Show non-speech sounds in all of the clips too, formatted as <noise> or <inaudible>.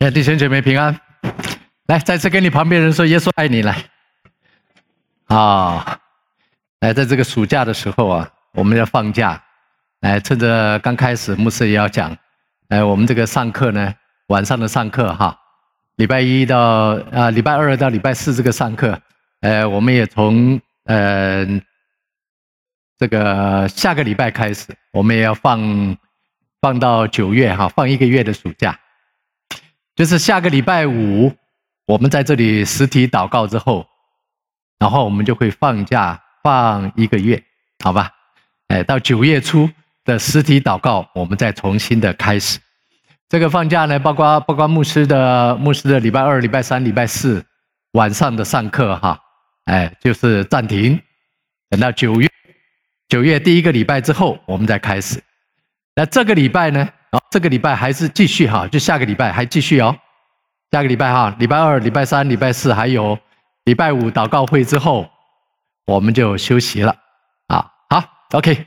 哎，弟兄姐妹平安！來，再次跟你旁邊人說，耶穌愛你！來，啊，來，在這個暑假的時候啊，我們要放假，來，趁着剛開始，牧師也要講，哎，我們這個上課呢，晚上的上課哈，禮拜一到啊，呃，禮拜二到禮拜四這個上課，呃，我們也從呃這個下個禮拜開始，我們也要放放到九月哈，放一個月的暑假。就是下個禮拜五，我們在這裡實體禱告之後，然後我們就會放假放一個月，好吧？哎，到九月初的實體禱告，我們再重新的開始。這個放假呢，包括包括牧師的牧師的禮拜二、禮拜三、禮拜四晚上的上課哈，哎，就是暫停，等到九月九月第一個禮拜之後，我們再開始。那這個禮拜呢，哦、這個禮拜還是繼續哈，就下個禮拜還繼續哦。下個禮拜哈，禮拜二、禮拜三、禮拜四還有禮拜五禱告會之後，我們就休息了啊。好，OK。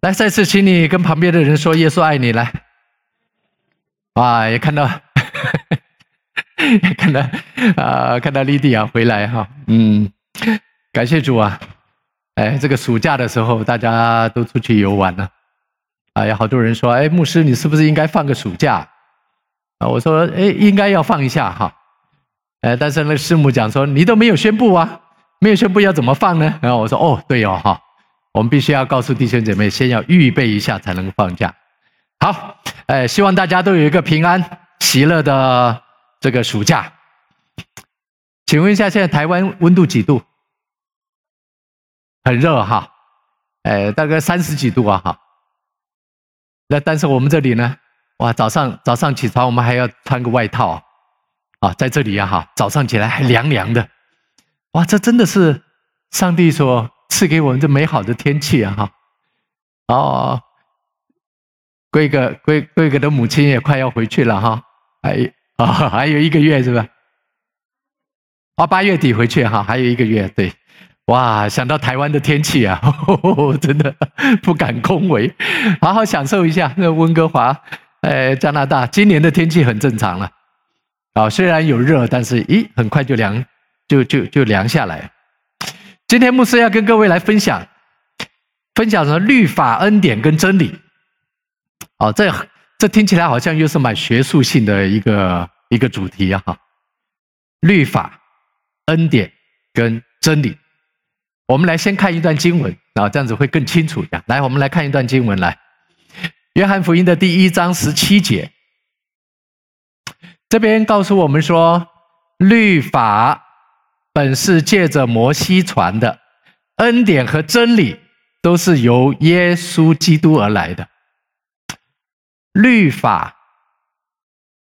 來，再次請你跟旁邊的人說：“耶穌愛你。”來，哇、啊，也看到，呵呵也看到，呃、啊，看到莉 i n 啊，回來哈、啊。嗯，感謝主啊。哎，這個暑假的時候，大家都出去遊玩了、啊。啊，有好多人說，哎，牧師，你是不是應該放個暑假？啊，我說，哎，應該要放一下哈、啊。但是那個師母講說，你都沒有宣布啊，沒有宣布要怎麼放呢？然、啊、後我說，哦，對哦哈、啊，我們必須要告訴弟兄姐妹，先要預備一下才能放假。好，哎，希望大家都有一個平安喜樂的這個暑假。請問一下，現在台灣溫度幾度？很熱哈、啊，哎，大概三十幾度啊哈。啊那但是我們這裡呢，哇，早上早上起床我們還要穿個外套，啊，在這裡呀、啊、哈、啊，早上起來還涼涼的，哇，這真的是上帝所賜給我們這美好的天氣啊哈、啊，哦，貴哥貴貴哥的母親也快要回去了哈，還啊，啊還有一個月是吧？啊，八月底回去哈、啊，還有一個月，對。哇，想到台灣的天氣啊呵呵，真的不敢恭維。好好享受一下那溫哥華，呃、哎，加拿大今年的天氣很正常了。啊、哦，雖然有熱，但是咦，很快就涼，就就就涼下來。今天牧師要跟各位來分享，分享什麼？律法、恩典跟真理。啊、哦，這這聽起來好像又是蠻學術性的一個一個主題啊。律法、恩典跟真理。我們來先看一段經文，啊，這樣子會更清楚一點。來，我們來看一段經文，來，《約翰福音》的第一章十七節，這邊告訴我們說，律法本是借着摩西傳的，恩典和真理都是由耶穌基督而來的。律法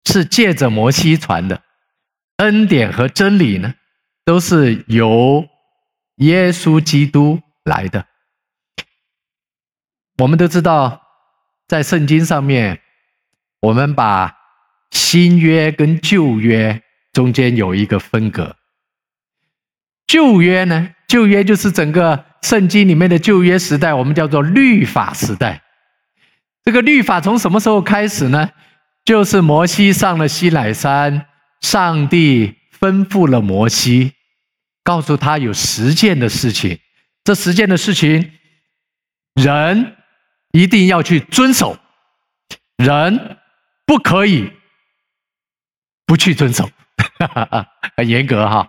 是借着摩西傳的，恩典和真理呢，都是由。耶穌基督來的，我們都知道，在聖經上面，我們把新約跟舊約中間有一個分隔。舊約呢，舊約就是整個聖經裡面的舊約時代，我們叫做律法時代。這個律法從什麼時候開始呢？就是摩西上了西奈山，上帝吩咐了摩西。告訴他有十件的事情，這十件的事情，人一定要去遵守，人不可以不去遵守， <laughs> 很嚴格哈、啊。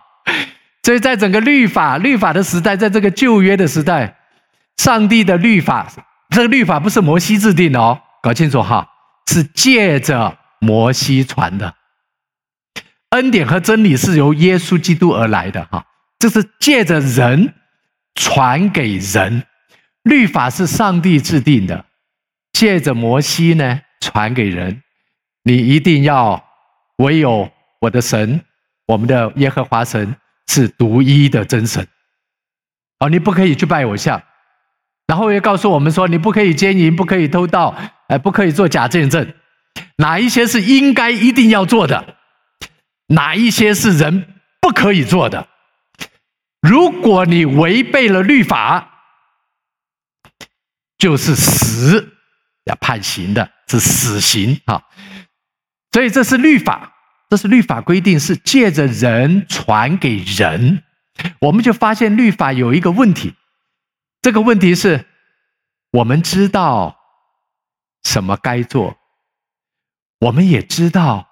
所以在整個律法、律法的時代，在這個舊約的時代，上帝的律法，這個律法不是摩西制定的哦，搞清楚哈、啊，是借着摩西傳的。恩典和真理是由耶穌基督而來的哈。就是借着人傳給人，律法是上帝制定的，借着摩西呢傳給人。你一定要唯有我的神，我們的耶和華神是獨一的真神。哦，你不可以去拜偶像。然後又告訴我們說，你不可以奸淫，不可以偷盜，呃，不可以做假見證。哪一些是應該一定要做的？哪一些是人不可以做的？如果你違背了律法，就是死，要判刑的是死刑。啊，所以這是律法，這是律法規定，是借着人傳給人。我們就發現律法有一個問題，這個問題是我們知道什麼該做，我們也知道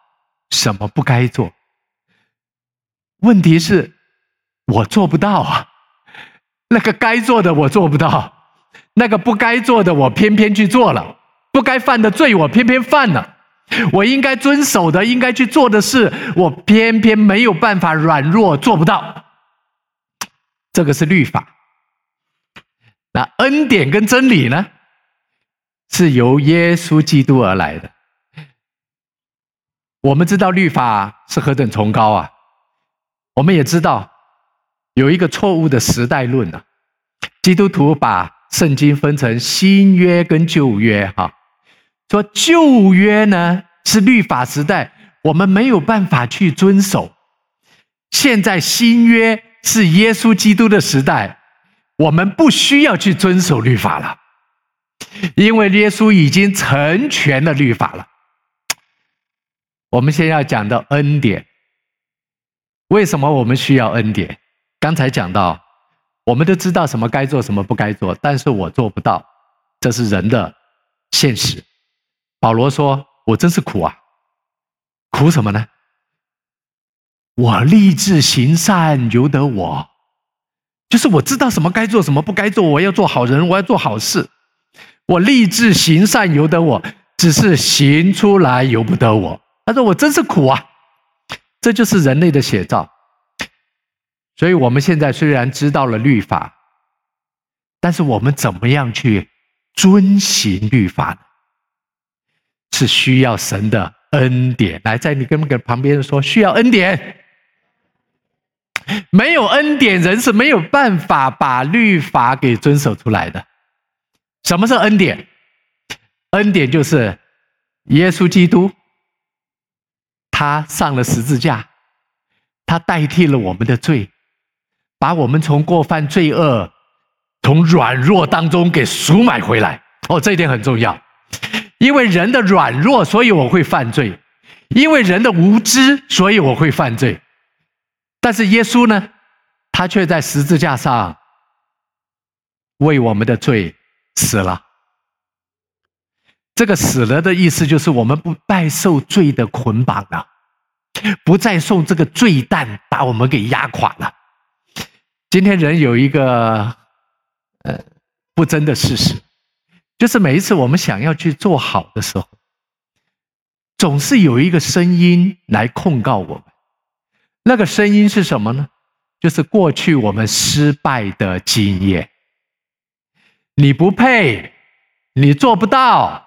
什麼不該做，問題是。我做不到啊！那個該做的我做不到，那個不該做的我偏偏去做了，不該犯的罪我偏偏犯了，我應該遵守的、應該去做的事，我偏偏沒有辦法，軟弱做不到。這個是律法。那恩典跟真理呢？是由耶穌基督而來的。我們知道律法是何等崇高啊！我們也知道。有一個錯誤的時代論啊，基督徒把聖經分成新約跟舊約，啊，哈，說舊約呢是律法時代，我們沒有辦法去遵守；現在新約是耶穌基督的時代，我們不需要去遵守律法了，因為耶穌已經成全了律法了。我們先要講到恩典。為什麼我們需要恩典？剛才講到，我們都知道什麼該做，什麼不該做，但是我做不到，這是人的現實。保羅說：“我真是苦啊，苦什麼呢？我立志行善，由得我，就是我知道什麼該做，什麼不該做，我要做好人，我要做好事。我立志行善，由得我，只是行出來，由不得我。他說我真是苦啊，這就是人類的寫照。”所以，我們現在雖然知道了律法，但是我們怎麼樣去遵行律法呢？是需要神的恩典來，在你跟旁邊說需要恩典，沒有恩典，人是沒有辦法把律法給遵守出來的。什麼是恩典？恩典就是耶穌基督，他上了十字架，他代替了我們的罪。把我們從過犯罪惡、從軟弱當中給贖買回來。哦，這一點很重要，因為人的軟弱，所以我會犯罪；因為人的無知，所以我會犯罪。但是耶穌呢，他卻在十字架上為我們的罪死了。這個死了的意思，就是我們不再受罪的捆綁了，不再受這個罪擔把我們給壓垮了。今天人有一個，呃，不爭的事實，就是每一次我們想要去做好的時候，總是有一個聲音來控告我們。那個聲音是什麼呢？就是過去我們失敗的經驗。你不配，你做不到，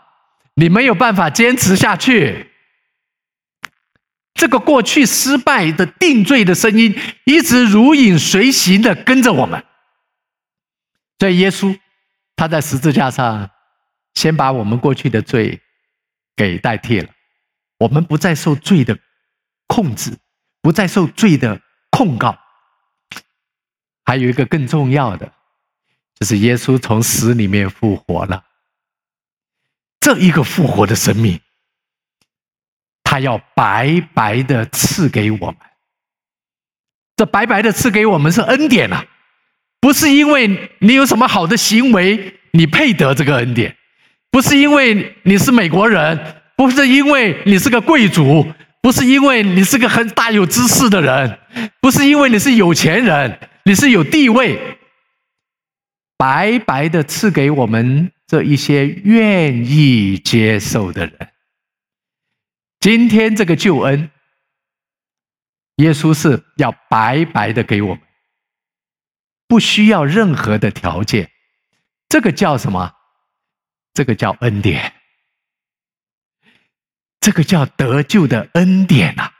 你沒有辦法堅持下去。這個過去失敗的定罪的聲音，一直如影隨形的跟着我們。所以耶穌，他在十字架上，先把我們過去的罪給代替了，我們不再受罪的控制，不再受罪的控告。還有一個更重要的，就是耶穌從死裡面復活了。這一個復活的生命。他要白白的賜給我們，這白白的賜給我們是恩典吶，不是因為你有什麼好的行為，你配得這個恩典；不是因為你是美國人，不是因為你是個貴族，不是因為你是個很大有知識的人，不是因為你是有錢人，你是有地位。白白的賜給我們這一些願意接受的人。今天這個救恩，耶穌是要白白的給我們，不需要任何的條件，這個叫什麼？這個叫恩典，這個叫得救的恩典啊！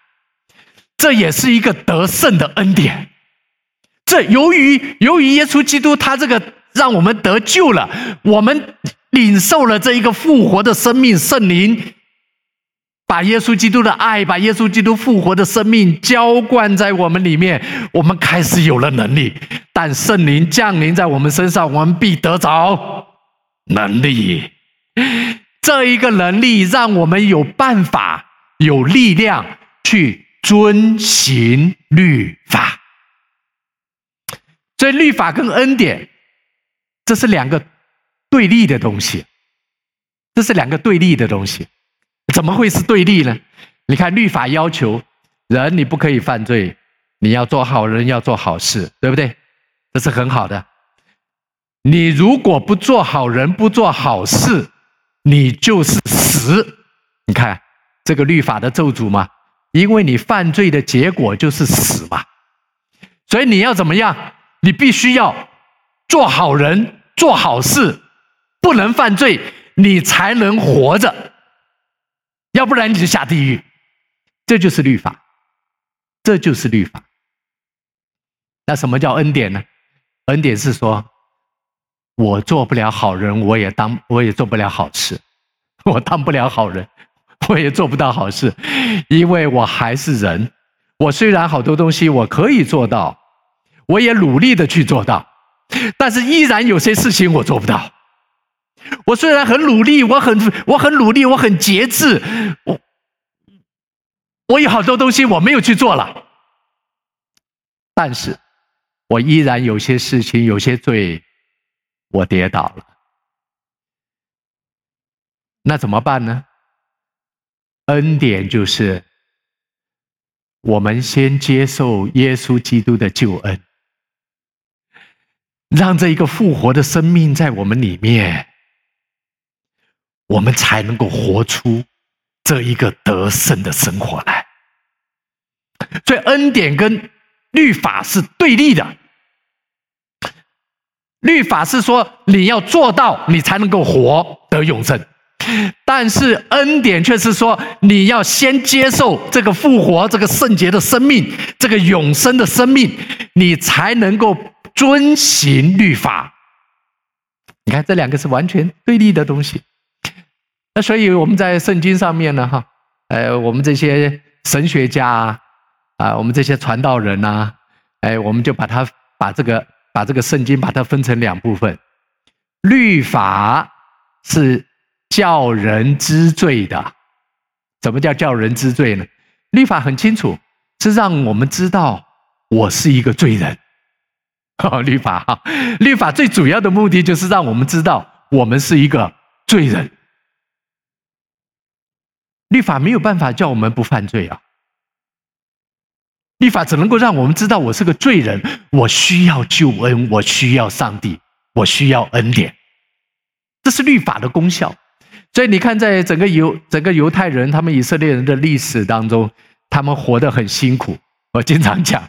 這也是一個得勝的恩典。這由於由於耶穌基督他這個讓我們得救了，我們領受了這一個復活的生命聖靈。把耶穌基督的愛，把耶穌基督復活的生命澆灌在我們裡面，我們開始有了能力。但聖靈降臨在我們身上，我們必得着能力。這一個能力，讓我們有辦法、有力量去遵循律法。所以律法跟恩典，這是兩個對立的東西。這是兩個對立的東西。怎麼會是對立呢？你看，律法要求人，你不可以犯罪，你要做好人，要做好事，對不對？這是很好的。你如果不做好人，不做好事，你就是死。你看這個律法的咒詛嘛，因為你犯罪的結果就是死嘛。所以你要怎麼樣？你必須要做好人、做好事，不能犯罪，你才能活着。要不然你就下地獄，這就是律法，這就是律法。那什麼叫恩典呢？恩典是說，我做不了好人，我也當，我也做不了好事，我當不了好人，我也做不到好事，因為我還是人。我雖然好多東西我可以做到，我也努力的去做到，但是依然有些事情我做不到。我雖然很努力，我很我很努力，我很節制，我我有好多東西我沒有去做了，但是我依然有些事情、有些罪，我跌倒了。那怎麼辦呢？恩典就是，我們先接受耶穌基督的救恩，讓這一個復活的生命在我們裡面。我們才能夠活出這一個得勝的生活來。所以恩典跟律法是對立的。律法是說你要做到，你才能夠活得永生；但是恩典卻是說，你要先接受這個復活、這個聖潔的生命、這個永生的生命，你才能夠遵行律法。你看，這兩個是完全對立的東西。那所以我們在聖經上面呢，哈，呃，我們這些神學家啊，啊，我們這些傳道人吶、啊，哎，我們就把它把這個把這個聖經把它分成兩部分，律法是叫人知罪的，怎麼叫叫人知罪呢？律法很清楚，是讓我們知道我是一個罪人。哈、哦，律法哈，律法最主要的目的就是讓我們知道我們是一個罪人。律法沒有辦法叫我們不犯罪啊！律法只能夠讓我們知道我是個罪人，我需要救恩，我需要上帝，我需要恩典。這是律法的功效。所以你看，在整個猶整個猶太人、他們以色列人的歷史當中，他們活得很辛苦。我經常講，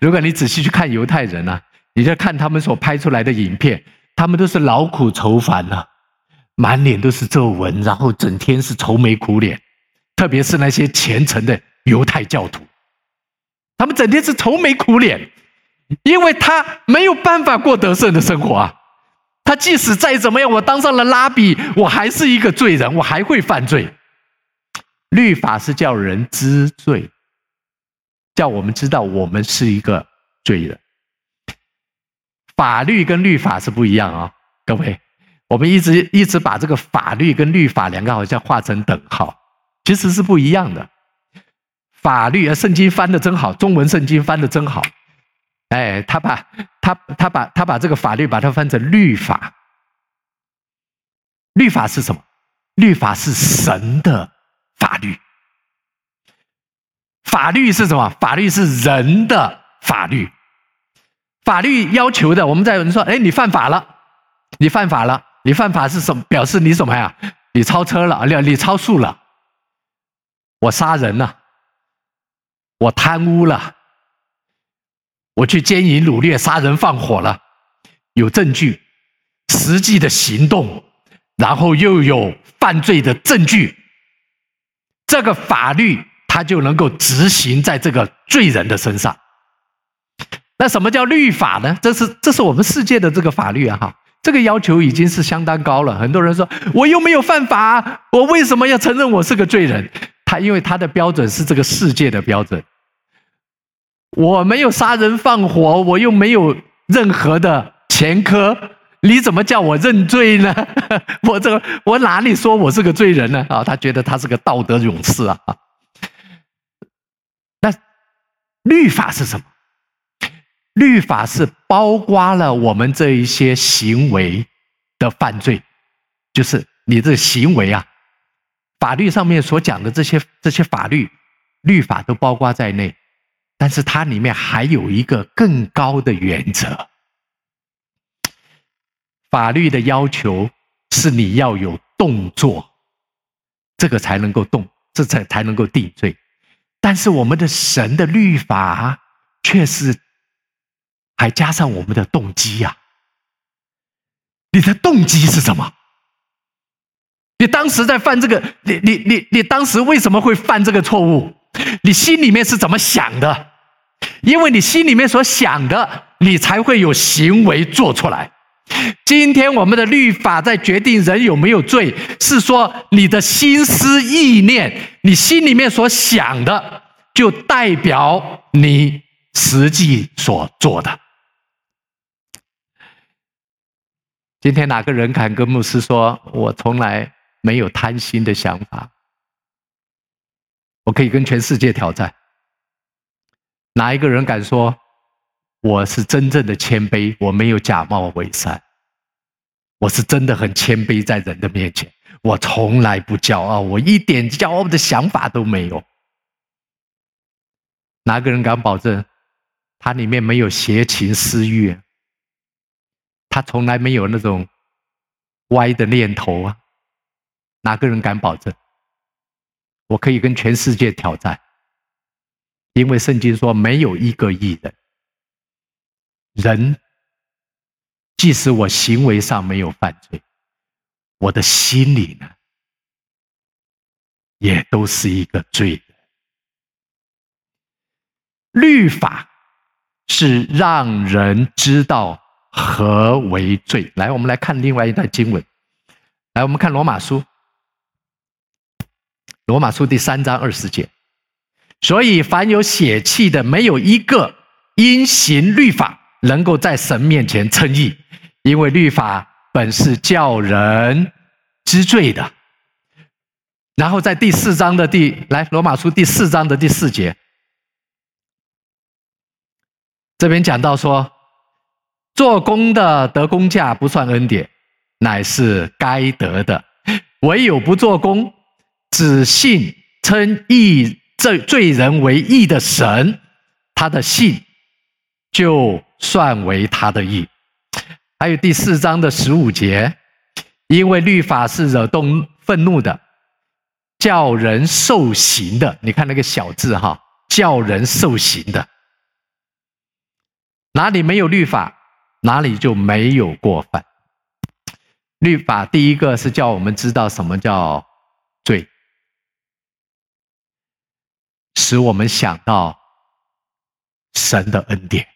如果你仔細去看猶太人啊，你就看他們所拍出來的影片，他們都是勞苦愁煩啊，滿臉都是皺紋，然後整天是愁眉苦臉。特別是那些虔誠的猶太教徒，他們整天是愁眉苦臉，因為他沒有辦法過得勝的生活啊。他即使再怎麼樣，我當上了拉比，我還是一個罪人，我還會犯罪。律法是叫人知罪，叫我們知道我們是一個罪人。法律跟律法是不一樣啊，哦，各位，我們一直一直把這個法律跟律法兩個好像畫成等號。其實是不一樣的，法律啊，聖經翻的真好，中文聖經翻的真好，哎，他把，他他把他把這個法律把它翻成律法。律法是什麼？律法是神的法律。法律是什麼？法律是人的法律。法律要求的，我們在有人說，哎，你犯法了，你犯法了，你犯法是什麼？表示你什麼呀？你超車了啊？你你超速了？我殺人了，我貪污了，我去奸淫擄掠、殺人放火了，有證據，實際的行動，然後又有犯罪的證據，這個法律它就能夠執行在這個罪人的身上。那什麼叫律法呢？這是這是我們世界的這個法律啊！哈，這個要求已經是相當高了。很多人說，我又沒有犯法，我為什麼要承認我是個罪人？他因為他的標準是這個世界的標準，我沒有殺人放火，我又沒有任何的前科，你怎麼叫我認罪呢？我這個我哪裡說我是個罪人呢？啊，他覺得他是個道德勇士啊。那律法是什麼？律法是包括了我們這一些行為的犯罪，就是你這行為啊。法律上面所講的這些這些法律、律法都包括在內，但是它裡面還有一個更高的原則。法律的要求是你要有動作，這個才能夠動，這才才能夠定罪。但是我們的神的律法卻是還加上我們的動機呀、啊。你的動機是什麼？你當時在犯這個，你你你你當時為什麼會犯這個錯誤？你心裡面是怎麼想的？因為你心裡面所想的，你才會有行為做出來。今天我們的律法在決定人有沒有罪，是說你的心思意念，你心裡面所想的，就代表你實際所做的。今天哪個人敢跟牧師說：“我從來……”沒有貪心的想法，我可以跟全世界挑戰。哪一個人敢說我是真正的謙卑？我沒有假冒偽善，我是真的很謙卑在人的面前。我從來不驕傲，我一點驕傲的想法都沒有。哪個人敢保證他裡面沒有邪情私慾？他從來沒有那種歪的念頭啊！哪個人敢保證？我可以跟全世界挑戰，因為聖經說沒有一個義的人。人，即使我行為上沒有犯罪，我的心裡呢，也都是一個罪的。律法是讓人知道何為罪。來，我們來看另外一段經文。來，我們看羅馬書。羅馬書第三章二十節，所以凡有血氣的，沒有一個因行律法能夠在神面前稱義，因為律法本是叫人知罪的。然後在第四章的第，來羅馬書第四章的第四節，這邊講到說，做工的得工價不算恩典，乃是該得的；唯有不做工。只信稱義這罪人為義的神，他的信就算為他的義。還有第四章的十五節，因為律法是惹動憤怒的，叫人受刑的。你看那個小字哈，叫人受刑的。哪裡沒有律法，哪裡就沒有過犯。律法第一個是叫我們知道什麼叫罪。使我們想到神的恩典，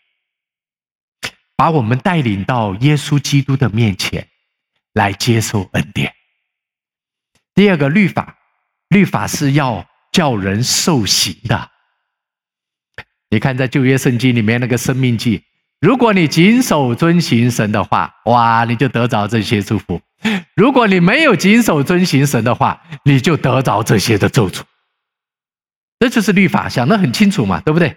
把我們帶領到耶穌基督的面前來接受恩典。第二個律法，律法是要叫人受刑的。你看，在舊約聖經裡面那個申命記，如果你謹守遵行神的話，哇，你就得着這些祝福；如果你沒有謹守遵行神的話，你就得着這些的咒詛。這就是律法。想得很清楚嘛，對不對？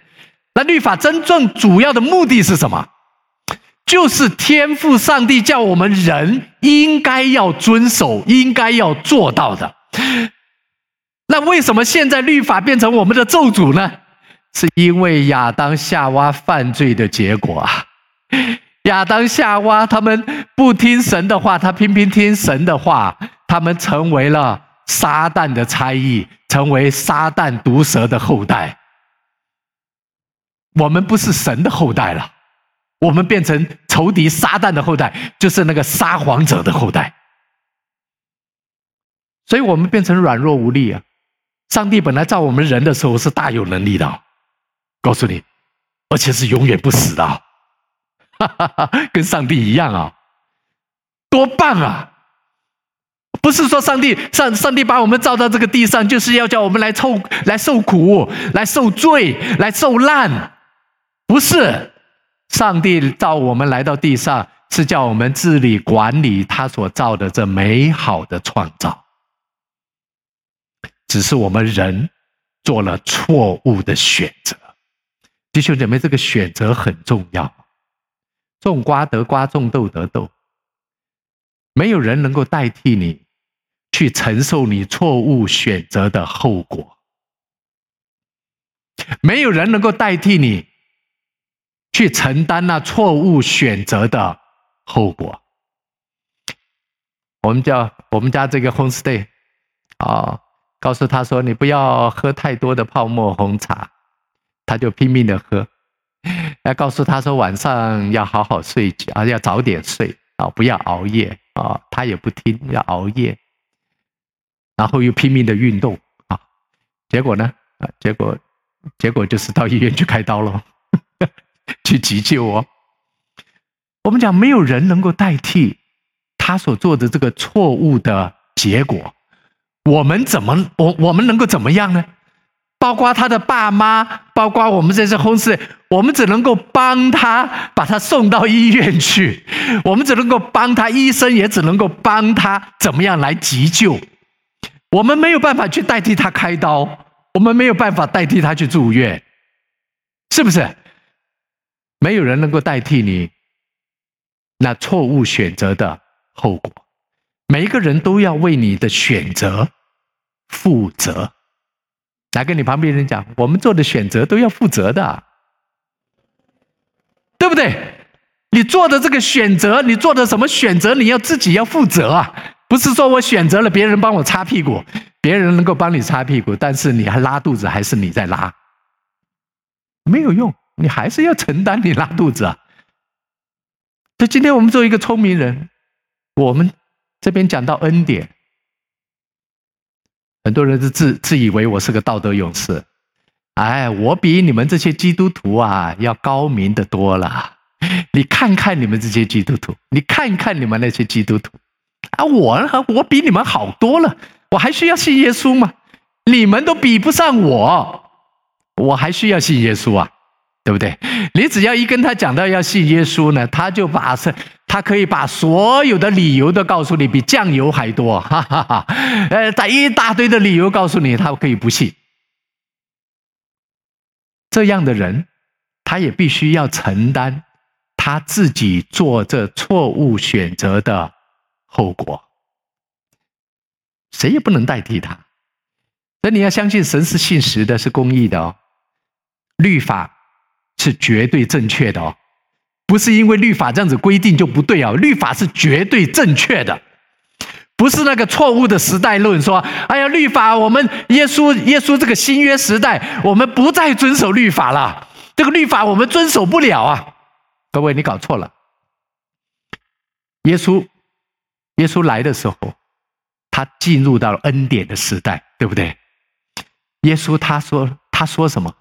那律法真正主要的目的是什麼？就是天父上帝叫我們人應該要遵守，應該要做到的。那為什麼現在律法變成我們的咒詛呢？是因為亞當夏娃犯罪的結果啊！亞當夏娃他們不聽神的話，他偏偏聽神的話，他們成為了，撒旦的差役，成為撒旦毒蛇的後代，我們不是神的後代了，我們變成仇敵撒旦的後代，就是那個撒謊者的後代，所以我們變成軟弱無力啊！上帝本來造我們人的時候是大有能力的哦，告訴你，而且是永遠不死的哦，哈哈，跟上帝一樣啊哦，多棒啊！不是說上帝上上帝把我們造到這個地上，就是要叫我們來受來受苦、來受罪、來受難。不是，上帝造我們來到地上，是叫我們治理，管理他所造的這美好的創造。只是我們人做了錯誤的選擇，弟兄姐妹，這個選擇很重要。種瓜得瓜，種豆得豆，沒有人能夠代替你，去承受你錯誤選擇的後果，沒有人能夠代替你去承擔那錯誤選擇的後果。我們叫我們家這個 homestay 啊，哦，告訴他說，你不要喝太多的泡沫紅茶，他就拼命的喝。要告訴他說晚上要好好睡覺啊，要早點睡啊，哦，不要熬夜啊，哦，他也不聽，要熬夜。然後又拼命的運動啊，結果呢？啊，結果，結果就是到醫院去開刀嘍，去急救哦。我們講沒有人能夠代替他所做的這個錯誤的結果，我們怎麼我我們能夠怎麼樣呢？包括他的爸媽，包括我們這些同事，我們只能夠幫他把他送到醫院去，我們只能夠幫他，醫生也只能夠幫他怎麼樣來急救。我們沒有辦法去代替他開刀，我們沒有辦法代替他去住院，是不是？沒有人能夠代替你那錯誤選擇的後果，每一個人都要為你的選擇負責。來跟你旁邊人講，我們做的選擇都要負責的，對不對？你做的這個選擇，你做的什麼選擇，你要自己要負責啊。不是說我選擇了，別人幫我擦屁股。別人能夠幫你擦屁股，但是你還拉肚子，還是你在拉，沒有用，你還是要承擔你拉肚子啊。所以今天我們作為一個聰明人，我們這邊講到恩典，很多人都自自以為我是個道德勇士，哎，我比你們這些基督徒啊要高明的多了。你看看你們這些基督徒，你看看你們那些基督徒。啊，我呢？我比你們好多了，我還需要信耶穌嗎？你們都比不上我，我還需要信耶穌啊，對不對？你只要一跟他講到要信耶穌呢，他就把，他可以把所有的理由都告訴你，比醬油還多，哈哈哈哈！呃，打一大堆的理由告訴你，他可以不信。這樣的人，他也必須要承擔他自己做這錯誤選擇的。後果，誰也不能代替他。但你要相信神是信實的，是公義的哦。律法是絕對正確的哦，不是因為律法這樣子規定就不對哦。律法是絕對正確的，不是那個錯誤的時代論說。哎呀，律法，我們耶穌耶穌這個新約時代，我們不再遵守律法了。這個律法我們遵守不了啊。各位，你搞錯了，耶穌。耶穌來的時候，他進入到恩典的時代，對不對？耶穌他說他說什麼？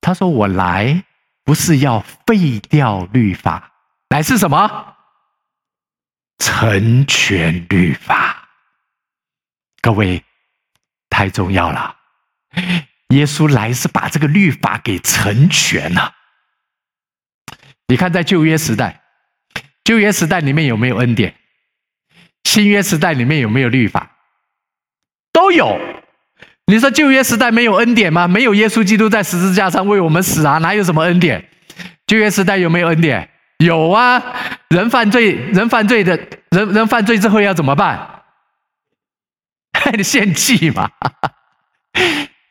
他說，我來不是要廢掉律法，來是什麼？成全律法。各位，太重要了！耶穌來是把這個律法給成全了。你看，在舊約時代，舊約時代裡面有沒有恩典？新約時代裡面有沒有律法？都有。你說舊約時代沒有恩典嗎？沒有，耶穌基督在十字架上為我們死啊，哪有什麼恩典？舊約時代有沒有恩典？有啊。人犯罪，人犯罪的，人人犯罪之後要怎麼辦？哎，你獻祭嘛，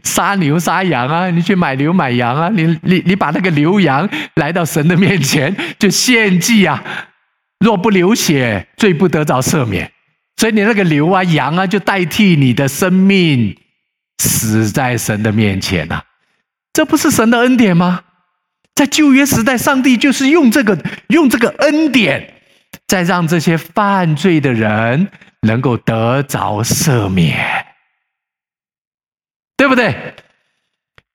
殺牛殺羊啊，你去買牛買羊啊，你你你把那個牛羊來到神的面前就獻祭啊，若不流血，罪不得着赦免。所以你那個牛啊、羊啊，就代替你的生命死在神的面前吶、啊，這不是神的恩典嗎？在舊約時代，上帝就是用這個、用這個恩典，在讓這些犯罪的人能夠得着赦免，對不對？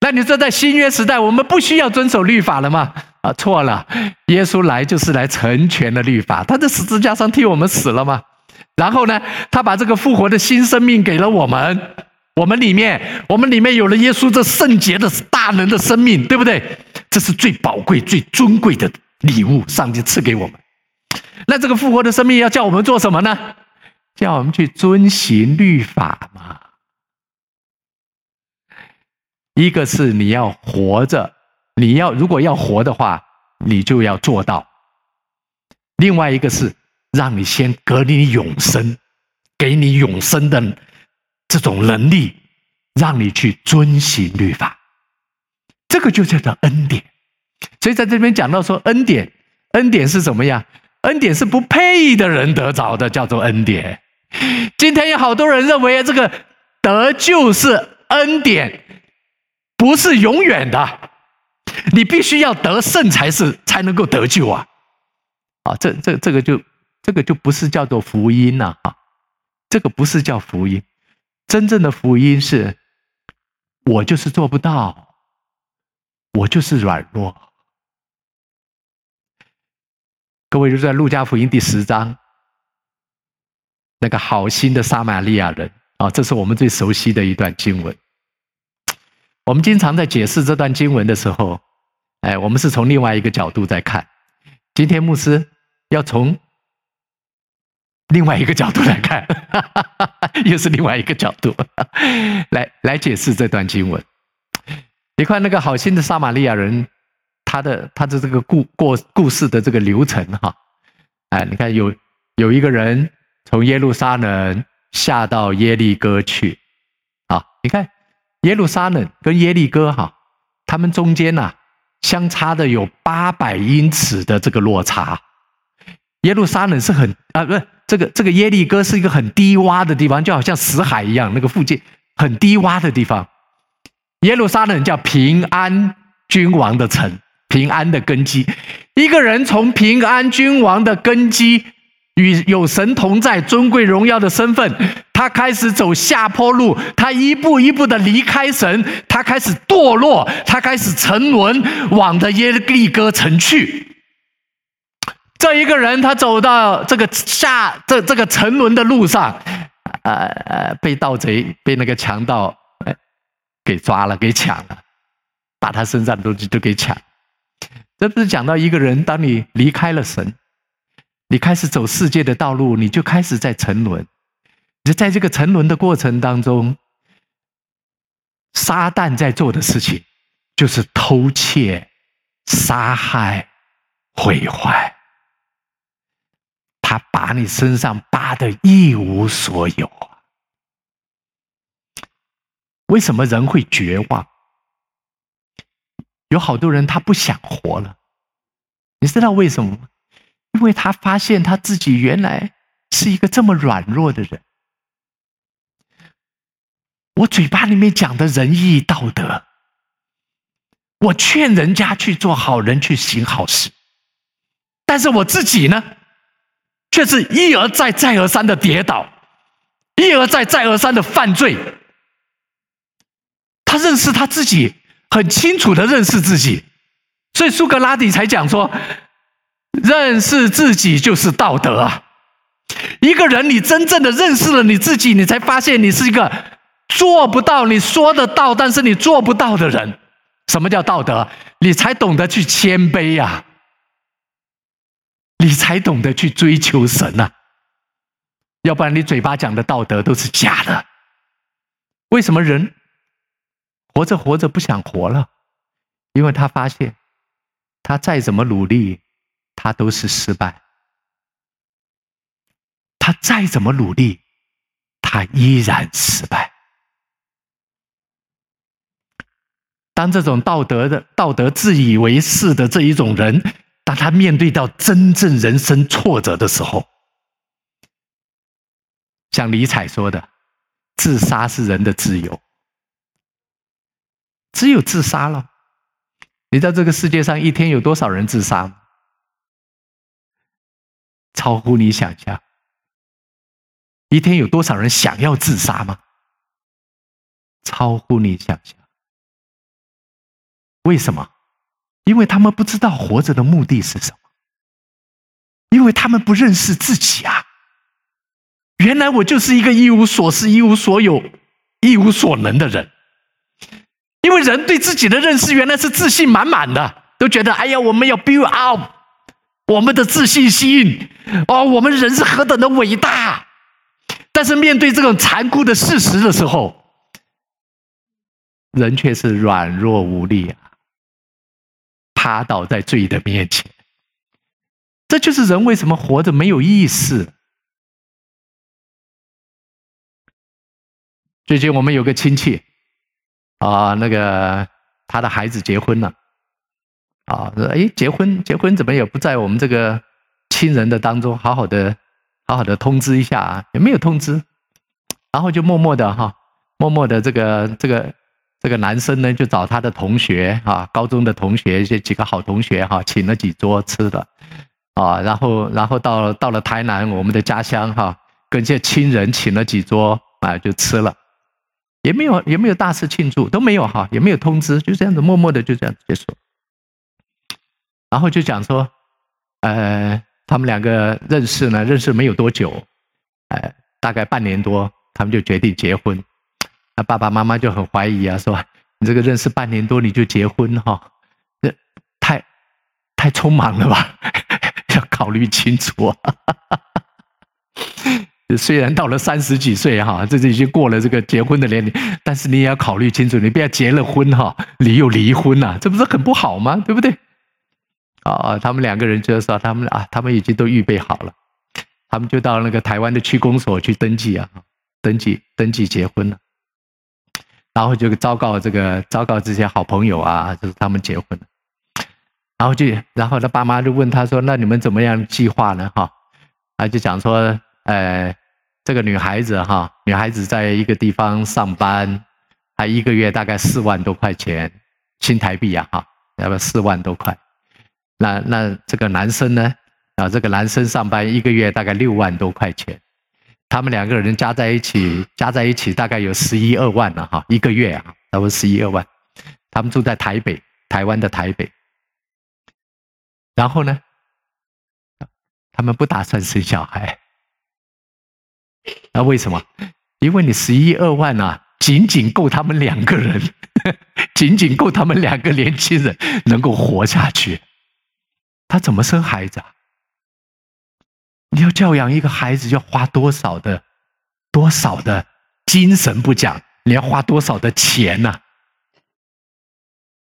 那你說在新約時代，我們不需要遵守律法了嗎？啊，錯了！耶穌來就是來成全了律法，他在十字架上替我們死了嗎？然後呢，他把這個復活的新生命給了我們。我們裡面，我們裡面有了耶穌這聖潔的大能的生命，對不對？這是最寶貴、最尊貴的禮物，上帝賜給我們。那這個復活的生命要叫我們做什麼呢？叫我們去遵行律法嘛。一個是你要活着，你要如果要活的話，你就要做到。另外一個是。讓你先隔離永生，給你永生的這種能力，讓你去遵行律法，這個就叫做恩典。所以在這邊講到說，恩典，恩典是什麼呀？恩典是不配的人得着的，叫做恩典。今天有好多人認為啊，這個得救是恩典，不是永遠的，你必須要得勝才是才能夠得救啊！啊，這這這個就。這個就不是叫做福音啊，啊，這個不是叫福音。真正的福音是，我就是做不到，我就是軟弱。各位就在路加福音第十章，那個好心的撒瑪利亞人啊，這是我們最熟悉的一段經文。我們經常在解釋這段經文的時候，哎，我們是從另外一個角度在看。今天牧師要從。另外一個角度來看，哈哈哈哈，又是另外一個角度 <laughs> 來來解釋這段經文。你看那個好心的撒瑪利亞人，他的他的這個故故故事的這個流程哈、啊，哎，你看有有一個人從耶路撒冷下到耶利哥去，啊，你看耶路撒冷跟耶利哥哈、啊，他們中間吶、啊、相差的有八百英尺的這個落差，耶路撒冷是很啊不。這個這個耶利哥是一個很低窪的地方，就好像死海一樣。那個附近很低窪的地方，耶路撒冷叫平安君王的城，平安的根基。一個人從平安君王的根基與有神同在、尊貴榮耀的身份，他開始走下坡路，他一步一步的離開神，他開始墮落，他開始沉淪，往着耶利哥城去。這一個人，他走到這個下這這個沉淪的路上，呃呃，被盜賊、被那個強盜給抓了，給搶了，把他身上的東西都給搶。這不是講到一個人，當你離開了神，你開始走世界的道路，你就開始在沉淪。你就在這個沉淪的過程當中，撒旦在做的事情，就是偷竊、殺害、毀壞。他把你身上扒得一無所有啊，為什麼人會絕望？有好多人他不想活了，你知道為什麼嗎？因為他發現他自己原來是一個這麼軟弱的人。我嘴巴裡面講的仁義道德，我勸人家去做好人，去行好事，但是我自己呢？卻是一而再、再而三的跌倒，一而再、再而三的犯罪。他認識他自己，很清楚的認識自己，所以蘇格拉底才講說：認識自己就是道德啊！一個人，你真正的認識了你自己，你才發現你是一個做不到、你說得到，但是你做不到的人。什麼叫道德？你才懂得去謙卑呀、啊。你才懂得去追求神吶、啊，要不然你嘴巴講的道德都是假的。為什麼人活着活着不想活了？因為他發現，他再怎麼努力，他都是失敗；他再怎麼努力，他依然失敗。當這種道德的道德自以為是的這一種人。當他面對到真正人生挫折的時候，像尼采說的，自殺是人的自由，只有自殺了。你知道這個世界上一天有多少人自殺嗎？超乎你想象。一天有多少人想要自殺嗎？超乎你想象。為什麼？因為他們不知道活着的目的是什麼，因為他們不認識自己啊！原來我就是一個一無所是、一無所有、一無所能的人。因為人對自己的認識原來是自信滿滿的，都覺得：哎呀，我們要 build up 我們的自信心啊，哦，我們人是何等的偉大！但是面對這種殘酷的事實的時候，人卻是軟弱無力啊。趴倒在罪的面前，這就是人為什麼活着沒有意思。最近我們有個親戚啊，那個他的孩子結婚了，啊，說，哎，結婚結婚怎麼也不在我們這個親人的當中好好的好好的通知一下啊？也沒有通知，然後就默默的哈、啊，默默的這個這個。這個男生呢，就找他的同學啊，高中的同學，這幾個好同學哈、啊，請了幾桌吃的，啊，然後，然後到了到了台南，我們的家鄉哈、啊，跟一些親人請了幾桌，啊，就吃了，也沒有，也沒有大肆慶祝，都沒有哈、啊，也沒有通知，就這樣子默默的就這樣結束，然後就講說，呃，他們兩個認識呢，認識沒有多久，哎，大概半年多，他們就決定結婚。爸爸媽媽就很懷疑啊，是吧？你這個認識半年多你就結婚哈、哦，這太太匆忙了吧？要考慮清楚啊！雖然到了三十幾歲哈、啊，這已經過了這個結婚的年齡，但是你也要考慮清楚，你不要結了婚哈，你又離婚了、啊，這不是很不好嗎？對不對？啊，他們兩個人就是說他們啊，他們已經都預備好了，他們就到那個台灣的區公所去登記啊，登記登記結婚了。然後就昭告這個昭告這些好朋友啊，就是他們結婚了。然後就，然後他爸媽就問他說：“那你們怎麼樣計劃呢？哈，他就講說，呃，這個女孩子哈，女孩子在一個地方上班，她一個月大概四萬多塊錢新台幣呀、啊，哈，要不要四萬多塊。那那這個男生呢？啊，這個男生上班一個月大概六萬多塊錢。”他們兩個人加在一起，加在一起大概有十一二萬了、啊、哈，一個月啊，差不多十一二萬。他們住在台北，台灣的台北。然後呢，他們不打算生小孩。那為什麼？因為你十一二萬啊，僅僅夠他們兩個人，呵呵僅僅夠他們兩個年輕人能夠活下去。他怎麼生孩子啊？你要教養一個孩子，要花多少的、多少的精神不講，你要花多少的錢呐、啊？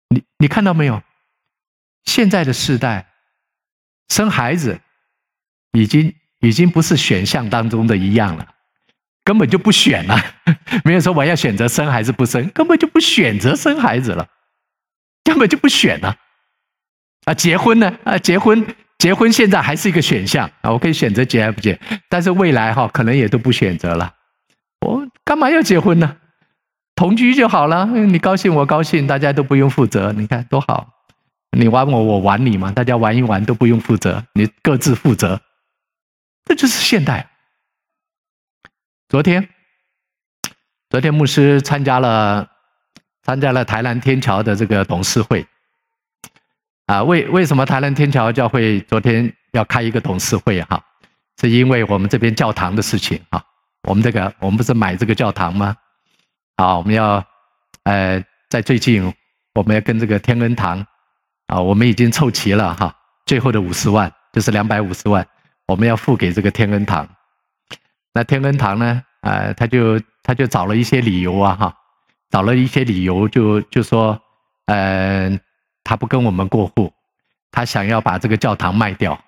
你你看到沒有？現在的時代，生孩子已經已經不是選項當中的一樣了，根本就不選了。沒有說我要選擇生還是不生，根本就不選擇生孩子了，根本就不選了。啊，結婚呢？啊，結婚。結婚現在還是一個選項啊，我可以選擇結還不結？但是未來哈、哦，可能也都不選擇了。我幹嘛要結婚呢？同居就好了，你高興我高興，大家都不用負責，你看多好。你玩我，我玩你嘛，大家玩一玩都不用負責，你各自負責。這就是現代。昨天，昨天牧師參加了參加了台南天橋的這個董事會。啊，為為什麼台南天橋教會昨天要開一個董事會哈、啊？是因為我們這邊教堂的事情啊。我們這個，我們不是買這個教堂嗎？啊，我們要，呃，在最近，我們要跟這個天恩堂，啊，我們已經湊齊了哈、啊，最後的五十萬就是兩百五十萬，我們要付給這個天恩堂。那天恩堂呢，啊、呃，他就他就找了一些理由啊哈、啊，找了一些理由就，就就說，嗯、呃。他不跟我們過戶，他想要把這個教堂賣掉，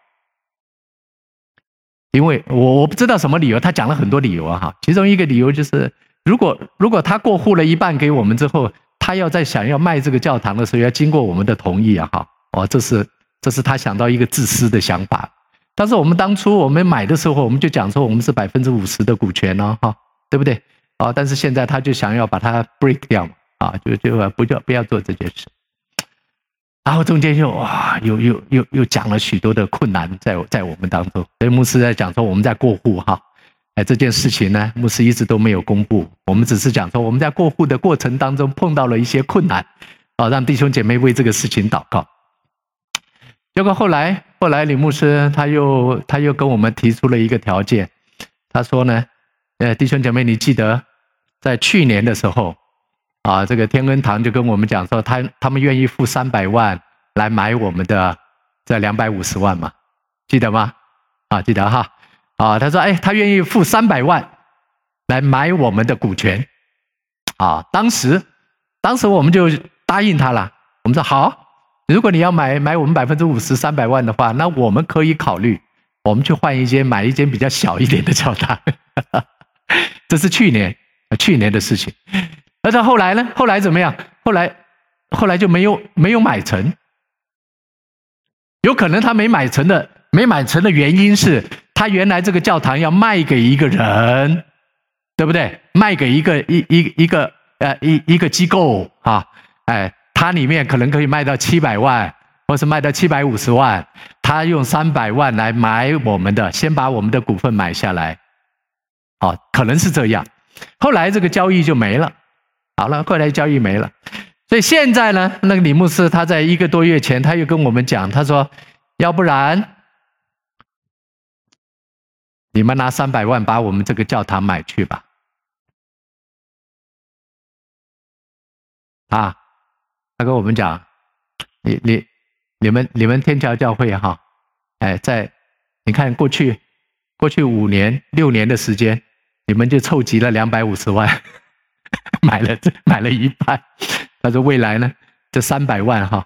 因為我我不知道什麼理由，他講了很多理由啊哈。其中一個理由就是，如果如果他過戶了一半給我們之後，他要再想要賣這個教堂的時候，要經過我們的同意啊哈。哦，這是這是他想到一個自私的想法。但是我們當初我們買的時候，我們就講說我們是百分之五十的股權呢哈，對不對啊？但是現在他就想要把它 break 掉啊，就就不要不要做這件事。然後中間又哇，又又又又講了許多的困難在在我們當中。所以牧師在講說我們在過戶哈，哎這件事情呢，牧師一直都沒有公布，我們只是講說我們在過戶的過程當中碰到了一些困難，好，啊，讓弟兄姐妹為這個事情禱告。結果後來後來李牧師他又他又跟我們提出了一個條件，他說呢，呃，哎，弟兄姐妹你記得在去年的時候。啊，這個天恩堂就跟我們講說他，他他們願意付三百萬來買我們的這兩百五十萬嘛，記得嗎？啊，記得哈。啊，他說，哎，他願意付三百萬來買我們的股權。啊，當時，當時我們就答應他了。我們說好，如果你要買買我們百分之五十三百萬的話，那我們可以考慮，我們去換一間，買一間比較小一點的教堂。 <laughs> 這是去年，去年的事情。而且後來呢？後來怎麼樣？後來，後來就沒有沒有買成。有可能他沒買成的，沒買成的原因是他原來這個教堂要賣給一個人，對不對？賣給一個一一一個，一個呃一一個機構啊，哎，他裡面可能可以賣到七百萬，或是賣到七百五十萬，他用三百萬來買我們的，先把我們的股份買下來，好，啊，可能是這樣。後來這個交易就沒了。好了，後來交易沒了。所以現在呢，那個李牧師他在一個多月前，他又跟我們講，他說：“要不然，你們拿三百萬把我們這個教堂買去吧。”啊，他跟我們講：“你你你們你們天橋教會哈，哎，在你看過去過去五年六年的時間，你們就湊集了兩百五十萬。”買了這買了一半，他說未來呢，這三百萬哈，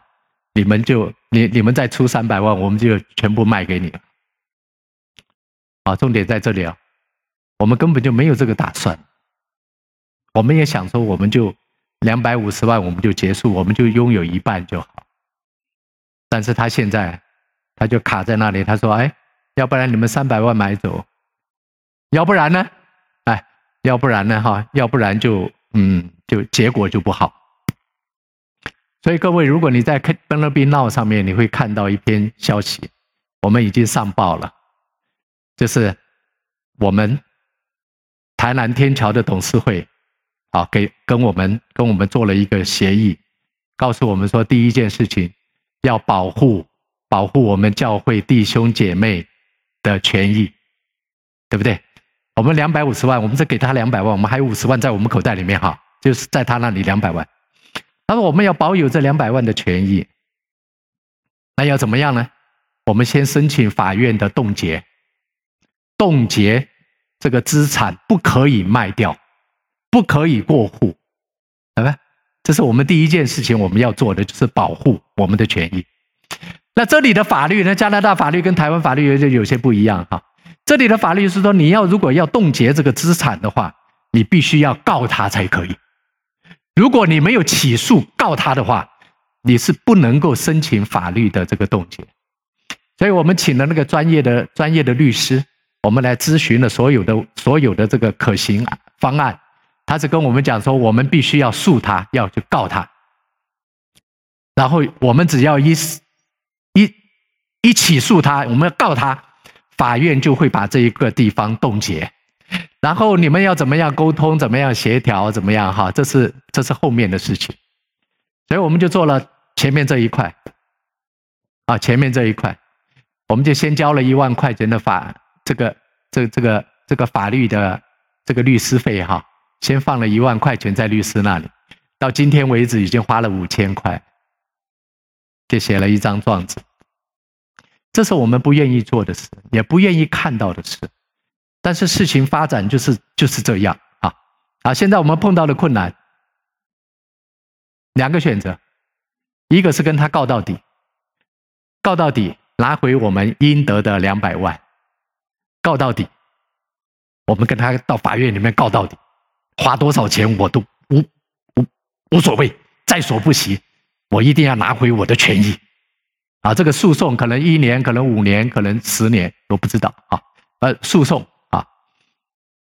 你們就你你們再出三百萬，我們就全部賣給你。啊，重點在這裡啊，我們根本就沒有這個打算。我們也想說，我們就兩百五十萬，我們就結束，我們就擁有一半就好。但是他現在他就卡在那裡，他說，哎，要不然你們三百萬買走，要不然呢，哎，要不然呢哈，要不然就。嗯，就結果就不好。所以各位，如果你在《Canal B Now》上面，你會看到一篇消息，我們已經上報了，就是我們台南天橋的董事會，啊，給跟我們跟我們做了一個協議，告訴我們說，第一件事情要保護保護我們教會弟兄姐妹的權益，對不對？我們兩百五十萬，我們再給他兩百萬，我們還有五十萬在我們口袋裡面哈，就是在他那裡兩百萬。那麼我們要保有這兩百萬的權益，那要怎麼樣呢？我們先申請法院的凍結，凍結這個資產不可以賣掉，不可以過戶，明吧，這是我們第一件事情我們要做的，就是保護我們的權益。那這裡的法律呢？加拿大法律跟台灣法律有有些不一樣哈。這裡的法律是說，你要如果要凍結這個資產的話，你必須要告他才可以。如果你沒有起訴告他的話，你是不能夠申請法律的這個凍結。所以我們請了那個專業的專業的律師，我們來諮詢了所有的所有的這個可行方案。他是跟我們講說，我們必須要訴他，要去告他。然後我們只要一一一起訴他，我們要告他，法院就會把這一個地方凍結，然後你們要怎麼樣溝通，怎麼樣協調，怎麼樣哈？這是這是後面的事情，所以我們就做了前面這一塊，啊，前面這一塊，我們就先交了一萬塊錢的法這個這這個這個法律的這個律師費哈，先放了一萬塊錢在律師那裡，到今天為止已經花了五千塊，就寫了一張狀子。這是我們不願意做的事，也不願意看到的事。但是事情發展就是就是這樣啊啊！現在我們碰到的困難，兩個選擇，一個是跟他告到底，告到底拿回我們應得的兩百萬，告到底，我們跟他到法院裡面告到底，花多少錢我都無無無所謂，在所不惜，我一定要拿回我的權益。啊，這個訴訟可能一年，可能五年，可能十年，都不知道啊。呃，訴訟啊，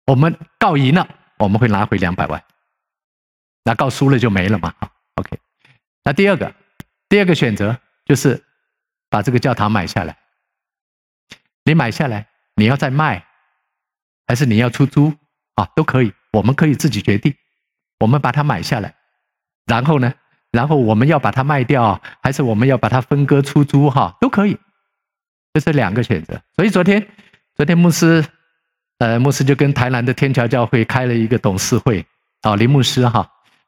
我們告贏了，我們會拿回兩百萬；那告輸了就沒了嘛，啊，OK。那第二個，第二個選擇就是把這個教堂買下來。你買下來，你要再賣，還是你要出租啊？都可以，我們可以自己決定。我們把它買下來，然後呢？然後我們要把它賣掉，還是我們要把它分割出租？哈，都可以，這、就是兩個選擇。所以昨天，昨天牧師，呃，牧師就跟台南的天橋教會開了一個董事會。啊、哦，林牧師哈，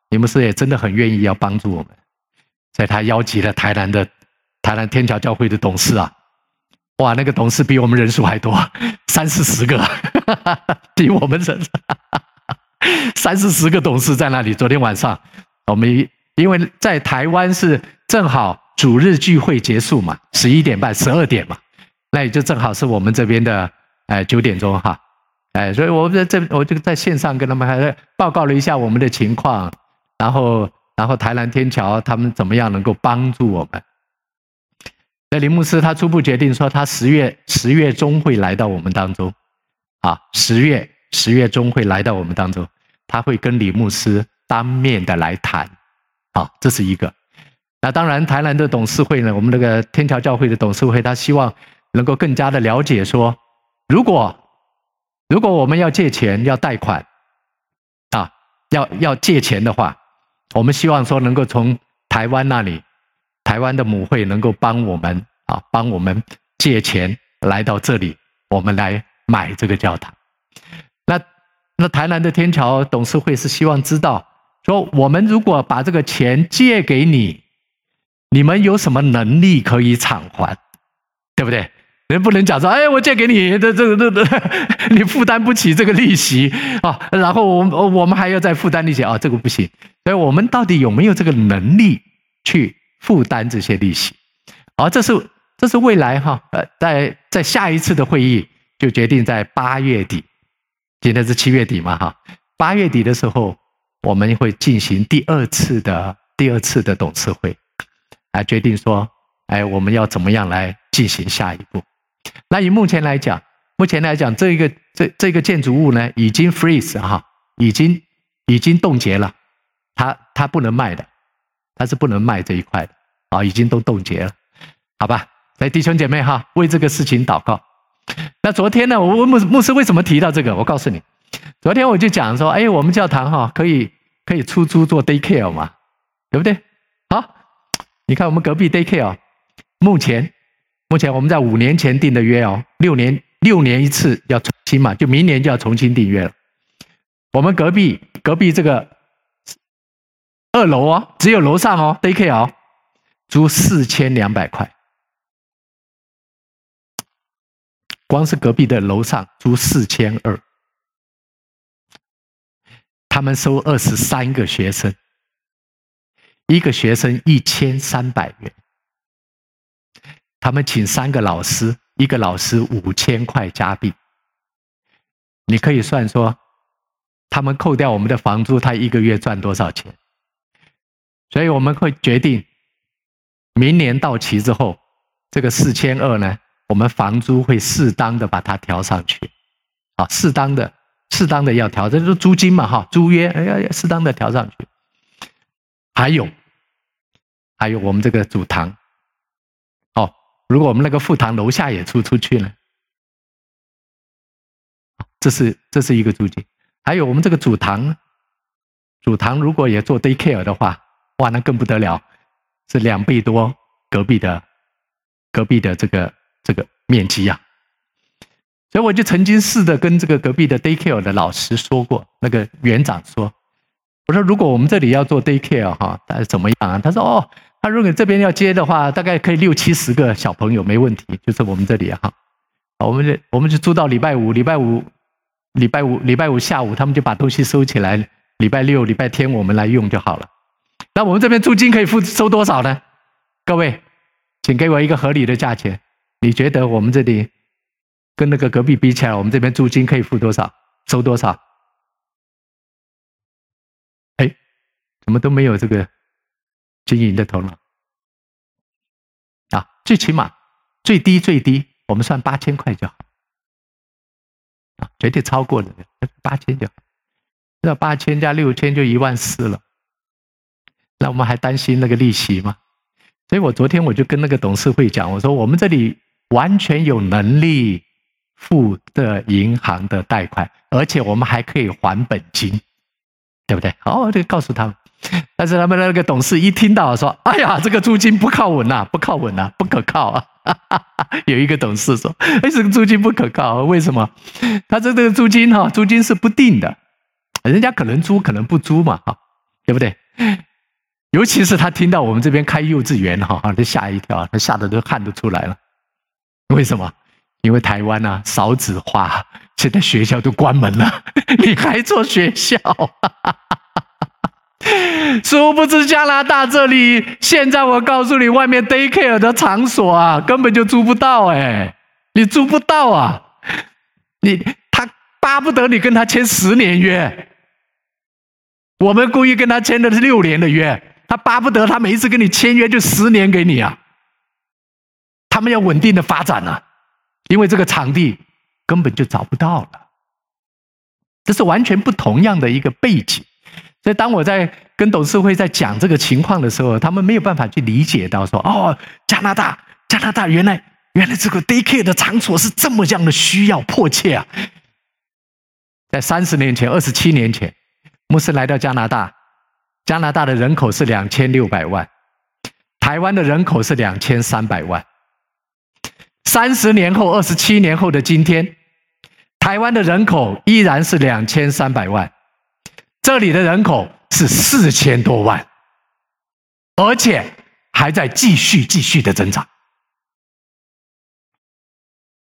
林牧師也真的很願意要幫助我們。所以他邀集了台南的台南天橋教會的董事啊，哇，那個董事比我們人數還多，三四十個，比我們人，三四十個董事在那裡。昨天晚上，我們。因為在台灣是正好主日聚會結束嘛，十一點半、十二點嘛，那也就正好是我們這邊的哎九、呃、點鐘哈，哎、呃，所以我在這我就在線上跟他們還是報告了一下我們的情況，然後然後台南天橋他們怎麼樣能夠幫助我們？那李牧師他初步決定說，他十月十月中會來到我們當中，啊，十月十月中會來到我們當中，他會跟李牧師當面的來談。好，這是一個。那當然，台南的董事會呢，我們這個天橋教會的董事會，他希望能夠更加的了解說，如果如果我們要借錢、要貸款啊，要要借錢的話，我們希望說能夠從台灣那裡，台灣的母會能夠幫我們啊，幫我們借錢來到這裡，我們來買這個教堂。那那台南的天橋董事會是希望知道。說我們如果把這個錢借給你，你們有什麼能力可以償還，對不對？能不能講說，哎，我借給你這這個，這個這個、你負擔不起這個利息啊、哦？然後我們我們還要再負擔利息啊、哦？這個不行。所以，我們到底有沒有這個能力去負擔這些利息？而、哦、這是這是未來哈，呃、哦，在在下一次的會議就決定在八月底，今天是七月底嘛哈，八、哦、月底的時候。我們會進行第二次的第二次的董事會，來決定說，哎，我們要怎麼樣來進行下一步？那以目前來講，目前來講，這一個這這個建築物呢，已經 freeze 哈、啊，已經已經凍結了，它它不能賣的，它是不能賣這一塊的啊，已經都凍結了，好吧？來，弟兄姐妹哈、啊，為這個事情禱告。那昨天呢，我問牧牧師為什麼提到這個，我告訴你。昨天我就講說，哎，我們教堂哈、哦、可以可以出租做 day care 嘛，對不對？好，你看我們隔壁 day care 哦，目前目前我們在五年前訂的約哦，六年六年一次要重新嘛，就明年就要重新訂約了。我們隔壁隔壁這個二樓哦，只有樓上哦，day care 哦，租四千兩百塊，光是隔壁的樓上租四千二。他們收二十三個學生，一個學生一千三百元。他們請三個老師，一個老師五千塊加幣。你可以算說，他們扣掉我們的房租，他一個月賺多少錢？所以我們會決定，明年到期之後，這個四千二呢，我們房租會適當的把它調上去，啊，適當的。適當的要調，這就是租金嘛，哈，租約哎要適當的調上去。還有，還有我們這個主堂，哦，如果我們那個副堂樓下也租出去呢，這是這是一個租金。還有我們這個主堂，主堂如果也做 day care 的話，哇，那更不得了，是兩倍多隔壁的，隔壁的這個這個面積呀、啊。所以我就曾經試着跟這個隔壁的 day care 的老師說過，那個園長說：“我說如果我們這裡要做 day care 哈，大概怎麼樣啊？”他說：“哦，他如果這邊要接的話，大概可以六七十個小朋友沒問題，就是我們這裡哈。好，我們就我們就租到禮拜五，禮拜五，禮拜五，禮拜五下午他們就把東西收起來，禮拜六、禮拜天我們來用就好了。那我們這邊租金可以付收多少呢？各位，請給我一個合理的價錢。你覺得我們這裡？”跟那個隔壁比起來，我們這邊租金可以付多少，收多少？哎，怎麼都沒有這個經營的頭腦啊！最起碼最低最低，我們算八千塊就好、啊，絕對超過了八千就好。那八千加六千就一萬四了，那我們還擔心那個利息嗎？所以我昨天我就跟那個董事會講，我說我們這裡完全有能力。付的銀行的貸款，而且我們還可以還本金，對不對？哦，就告訴他們，但是他們的那個董事一聽到說：“哎呀，這個租金不靠穩吶、啊，不靠穩吶、啊，不可靠啊！” <laughs> 有一個董事說：“哎，這個租金不可靠、啊，為什麼？他這個租金哈，租金是不定的，人家可能租，可能不租嘛，哈，對不對？尤其是他聽到我們這邊開幼稚園哈，他嚇一跳，他嚇得都汗都出來了。為什麼？”因為台灣啊，少子化，現在學校都關門了，你還做學校？ <laughs> 殊不知加拿大這裡，現在我告訴你，外面 daycare 的場所啊，根本就租不到哎、欸，你租不到啊！你他巴不得你跟他簽十年約，我們故意跟他簽的是六年的約，他巴不得他每一次跟你簽約就十年給你啊，他們要穩定的發展呢、啊。因為這個場地根本就找不到了，這是完全不同樣的一個背景。所以當我在跟董事會在講這個情況的時候，他們沒有辦法去理解到說：哦，加拿大，加拿大原來原來這個 Daycare 的場所是這麼樣的需要迫切啊！在三十年前，二十七年前，牧師來到加拿大，加拿大的人口是兩千六百萬，台灣的人口是兩千三百萬。三十年後，二十七年後的今天，台灣的人口依然是兩千三百萬，這裡的人口是四千多萬，而且還在繼續繼續的增長。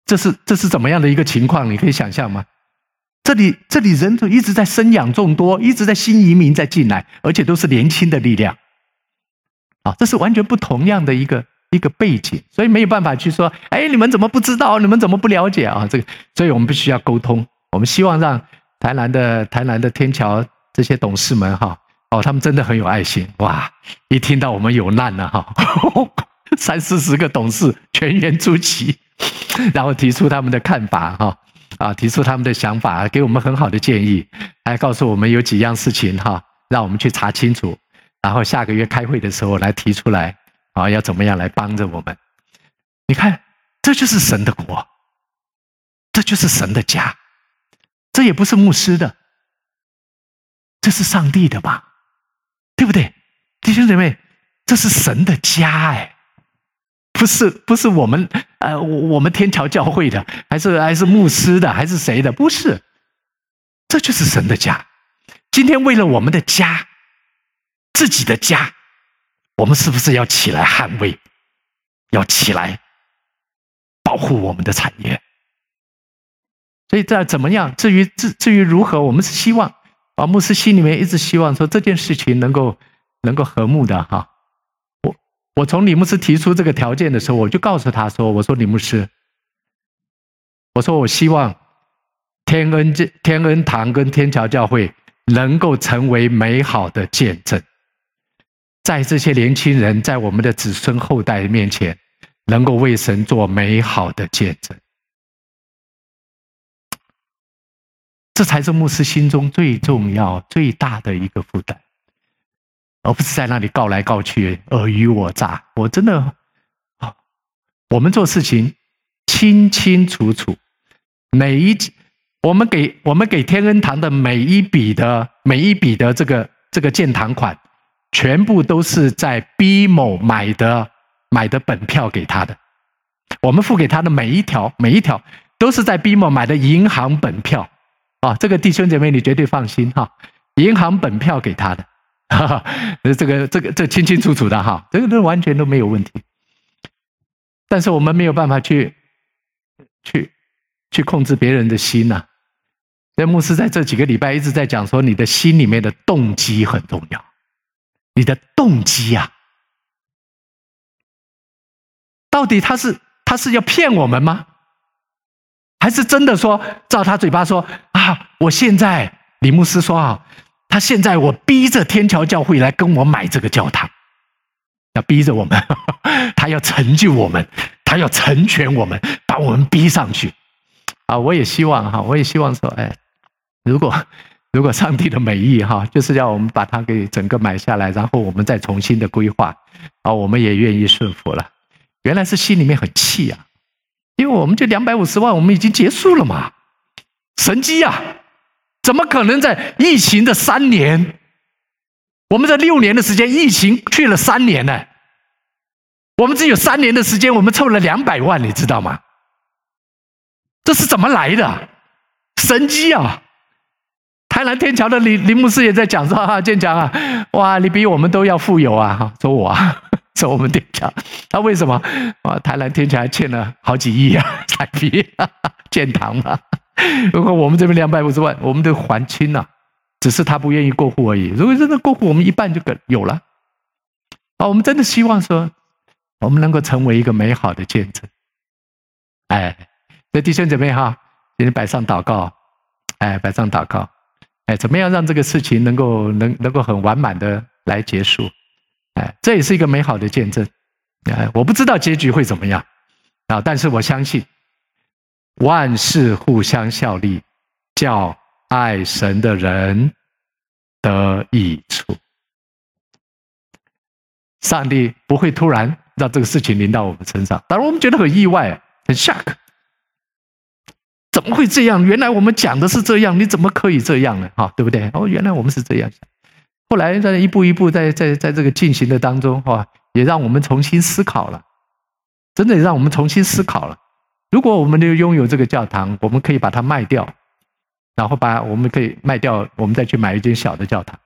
這是這是怎麼樣的一個情況？你可以想象嗎？這裡這裡人口一直在生養眾多，一直在新移民在進來，而且都是年輕的力量。啊，這是完全不同樣的一個。一個背景，所以沒有辦法去說，哎，你們怎麼不知道？你們怎麼不了解啊、哦？這個，所以我們必須要溝通。我們希望讓台南的台南的天橋這些董事們哈，哦，他們真的很有愛心哇！一聽到我們有難了哈、哦，三四十個董事全員出席，然後提出他們的看法哈，啊，提出他們的想法，給我們很好的建議，還告訴我們有幾樣事情哈，讓我們去查清楚，然後下個月開會的時候來提出來。啊，要怎麼樣來幫着我們？你看，這就是神的國，這就是神的家，這也不是牧師的，這是上帝的吧？對不對，弟兄姐妹？這是神的家哎，不是不是我們呃，我我們天橋教會的，還是還是牧師的，還是誰的？不是，這就是神的家。今天為了我們的家，自己的家。我們是不是要起來捍衛？要起來保護我們的產業？所以，這怎麼樣？至於至至於如何，我們是希望啊，牧師心裡面一直希望說這件事情能夠能夠和睦的哈。我我從李牧師提出這個條件的時候，我就告訴他說：“我說李牧師，我說我希望天恩天恩堂跟天橋教會能夠成為美好的見證。”在這些年輕人，在我們的子孫後代面前，能夠為神做美好的見證，這才是牧師心中最重要、最大的一個負擔，而不是在那裡告來告去、爾虞我詐。我真的，我們做事情清清楚楚，每一，我們給我們給天恩堂的每一筆的每一筆的這個這個建堂款。全部都是在 BMO 買的買的本票給他的，我們付給他的每一條每一條都是在 BMO 買的銀行本票。啊、哦，這個弟兄姐妹你絕對放心哈，銀行本票給他的，哈、哈，這個這個這個、清清楚楚的哈，這個都完全都沒有問題，但是我們沒有辦法去去去控制別人的心吶、啊，所以牧師在這幾個禮拜一直在講說，你的心裡面的動機很重要。你的動機呀、啊,到底他是他是要騙我們嗎？還是真的說照他嘴巴說啊？我現在李牧師說啊，他現在我逼着天橋教會來跟我買這個教堂，要逼着我們，他要成就我們，他要成全我們，把我們逼上去啊！我也希望哈，我也希望說，哎，如果。如果上帝的美意哈，就是要我們把它給整個買下來，然後我們再重新的規劃，啊，我們也願意順服了。原來是心裡面很氣啊，因為我們就兩百五十萬，我們已經結束了嘛，神蹟呀、啊，怎麼可能在疫情的三年，我們這六年的時間，疫情去了三年呢？我們只有三年的時間，我們湊了兩百萬，你知道嗎？這是怎麼來的？神蹟啊！台南天橋的林林牧師也在講說：“哈、啊、建強啊，哇，你比我們都要富有啊！說我啊，說我們天橋。那、啊、為什麼哇，台南天橋還欠了好幾億啊，彩皮建堂嘛、啊。如果我們這邊兩百五十萬，我們都還清了、啊，只是他不願意過戶而已。如果真的過戶，我們一半就個有了。啊，我們真的希望說，我們能夠成為一個美好的見證。哎，那弟兄姐妹哈，給你擺上禱告，哎，擺上禱告。”哎，怎麼樣讓這個事情能夠能能夠很完滿的來結束？哎，這也是一個美好的見證。啊、哎，我不知道結局會怎麼樣，啊，但是我相信萬事互相效力，叫愛神的人得益處。上帝不會突然讓這個事情臨到我們身上，當然我們覺得很意外，很 shock。怎麼會這樣？原來我們講的是這樣，你怎麼可以這樣呢？哈，對不對？哦，原來我們是這樣。後來在一步一步在在在這個進行的當中，哈，也讓我們重新思考了，真的讓我們重新思考了。如果我們就擁有這個教堂，我們可以把它賣掉，然後把我們可以賣掉，我們再去買一間小的教堂，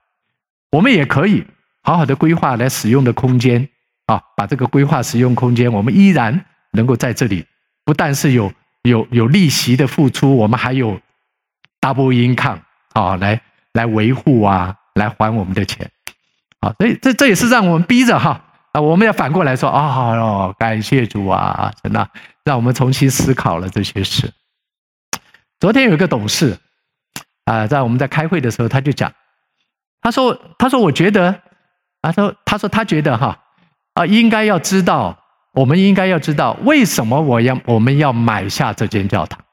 我們也可以好好的規劃來使用的空間，啊，把這個規劃使用空間，我們依然能夠在這裡，不但是有。有有利息的付出，我們還有 double income 啊、哦，來來維護啊，來還我們的錢好、哦，所以這這也是讓我們逼着哈啊、哦，我們要反過來說啊喲、哦哦，感謝主啊，真的、啊，讓我們重新思考了這些事。昨天有一個董事啊、呃，在我們在開會的時候，他就講，他說他說我覺得啊，說他說他覺得哈啊，應該要知道。我們應該要知道，為什麼我要我們要買下這間教堂？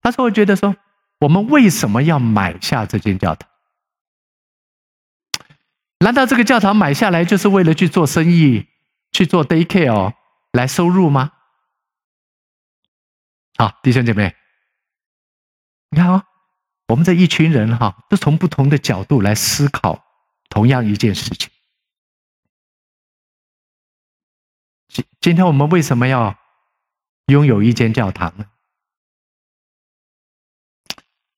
他說：“我覺得說，我們為什麼要買下這間教堂？難道這個教堂買下來就是為了去做生意、去做 day care 來收入嗎？”好，弟兄姐妹，你看啊、哦，我們這一群人哈、啊，都從不同的角度來思考同樣一件事情。今天我們為什麼要擁有一間教堂呢？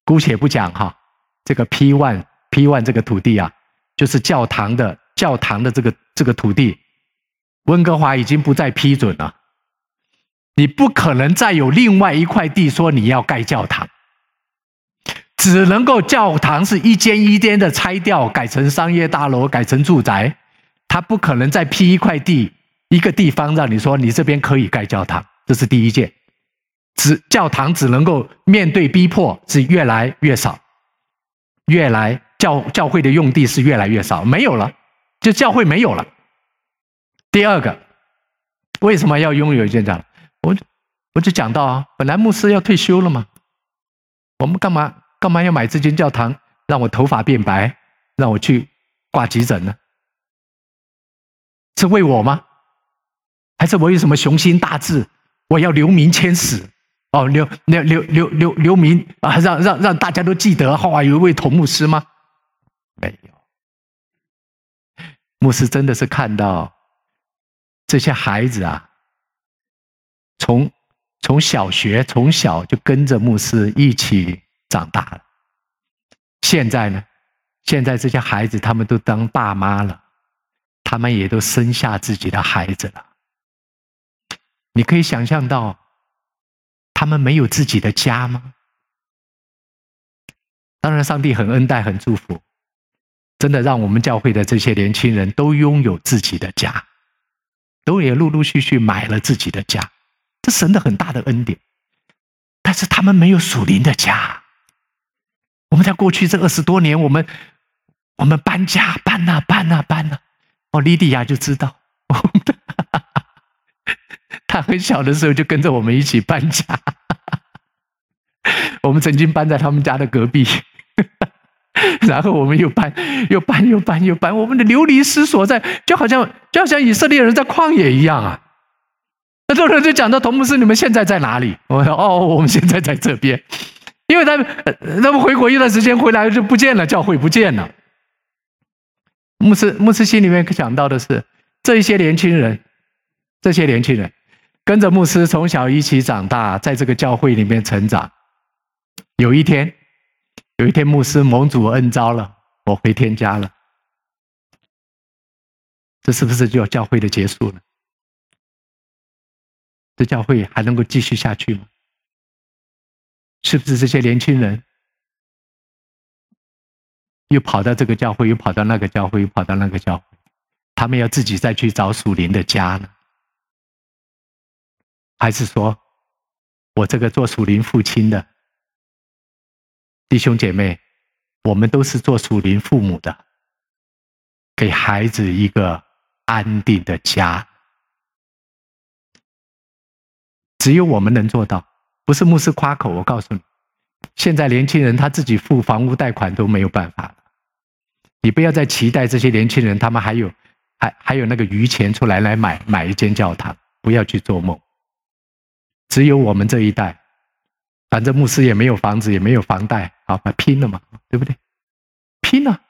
姑且不講哈，這個 P 萬 n 萬這個土地啊，就是教堂的教堂的這個這個土地，溫哥華已經不再批准了，你不可能再有另外一塊地說你要蓋教堂，只能夠教堂是一間一間的拆掉，改成商業大樓，改成住宅，它不可能再批一塊地。一個地方讓你說你這邊可以蓋教堂，這是第一件，只教堂只能夠面對逼迫是越來越少，越來教教會的用地是越來越少，沒有了，就教會沒有了。第二個，為什麼要擁有一間這樣？我我就講到啊，本來牧師要退休了嘛，我們幹嘛幹嘛要買這間教堂，讓我頭髮變白，讓我去掛急診呢？是為我嗎？還是我有什麼雄心大志？我要留名青史哦，留、留、留、留、留名啊！讓讓讓大家都記得，來、哦、有一位同牧師嗎？沒有，牧師真的是看到這些孩子啊，從從小學，從小就跟着牧師一起長大了。現在呢，現在這些孩子他們都當爸媽了，他們也都生下自己的孩子了。你可以想象到，他們沒有自己的家嗎？當然，上帝很恩待、很祝福，真的讓我們教會的這些年輕人都擁有自己的家，都也陸陸續續買了自己的家，這神的很大的恩典。但是他們沒有屬靈的家。我們在過去這二十多年，我們我們搬家，搬吶、啊，搬吶、啊，搬吶、啊。哦，莉迪亞就知道，很小的時候就跟着我們一起搬家，我們曾經搬在他們家的隔壁，然後我們又搬，又搬，又搬，又搬，我們的流離失所在，就好像，就好像以色列人在曠野一樣啊！很多人就講到：“童牧師，你們現在在哪裡？”我們說：“哦，我們現在在這邊。”因為他們，他們回國一段時間回來就不見了，教會不見了。牧師，牧師心裡面想到的是，這一些年輕人，這些年輕人。跟着牧師從小一起長大，在這個教會裡面成長。有一天，有一天，牧師蒙主恩召了，我回天家了。這是不是就教會的結束了？這教會還能夠繼續下去嗎？是不是這些年輕人又跑到這個教會，又跑到那個教會，又跑到那個教會？他們要自己再去找屬靈的家呢？還是說，我這個做屬靈父親的弟兄姐妹，我們都是做屬靈父母的，給孩子一個安定的家。只有我們能做到，不是牧師誇口。我告訴你，現在年輕人他自己付房屋貸款都沒有辦法，你不要再期待這些年輕人，他們還有還還有那個餘錢出來來買買一間教堂，不要去做夢。只有我們這一代，反正牧師也沒有房子，也沒有房貸，好吧，他拼了嘛，對不對？拼了，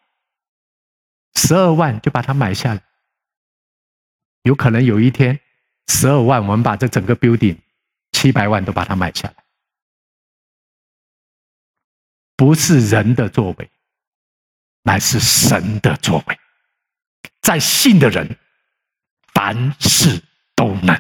十二萬就把它買下來。有可能有一天，十二萬我們把這整個 building 七百萬都把它買下來，不是人的作為，乃是神的作為。在信的人，凡事都能。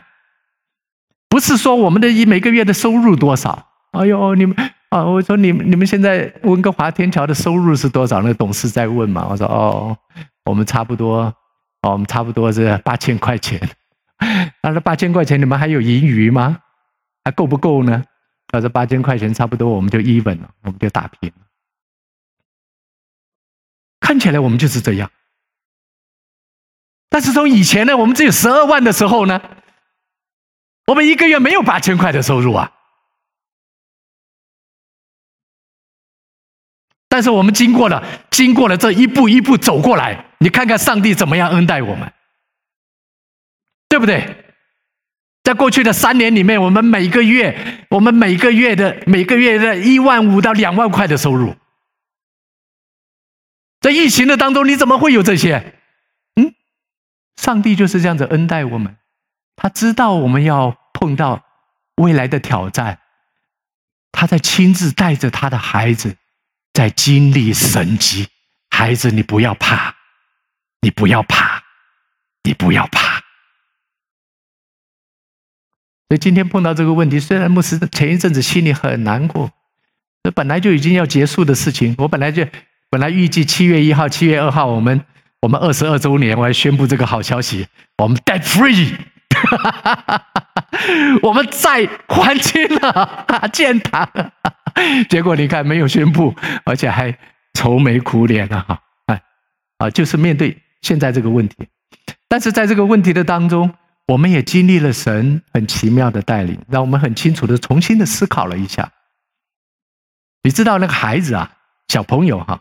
不是說我們的每個月的收入多少？哎呦，你們啊！我說你們，你們現在溫哥華天橋的收入是多少？那個董事在問嘛。我說哦，我們差不多，哦，我們差不多是八千塊錢。他說八千塊錢，你們還有盈餘嗎？還夠不夠呢？他說八千塊錢差不多，我們就一本了，我們就打平了。看起來我們就是這樣。但是從以前呢，我們只有十二萬的時候呢。我們一個月沒有八千塊的收入啊，但是我們經過了，經過了這一步一步走過來，你看看上帝怎麼樣恩待我們，對不對？在過去的三年裡面，我們每個月，我們每個月的每個月的一萬五到兩萬塊的收入，在疫情的當中，你怎麼會有這些？嗯，上帝就是這樣子恩待我們。他知道我們要碰到未來的挑戰，他在親自帶着他的孩子在經歷神蹟。孩子，你不要怕，你不要怕，你不要怕。所以今天碰到這個問題，雖然牧師前一陣子心裡很難過，那本來就已經要結束的事情，我本來就本來預計七月一號、七月二號我，我們我們二十二周年，我要宣布這個好消息，我們 Dead Free。哈，哈哈哈，我們債還清了建堂哈。結果你看沒有宣布，而且還愁眉苦臉的哈，哎，啊，就是面對現在這個問題。但是在這個問題的當中，我們也經歷了神很奇妙的帶領，讓我們很清楚的重新的思考了一下。你知道那個孩子啊，小朋友哈、啊，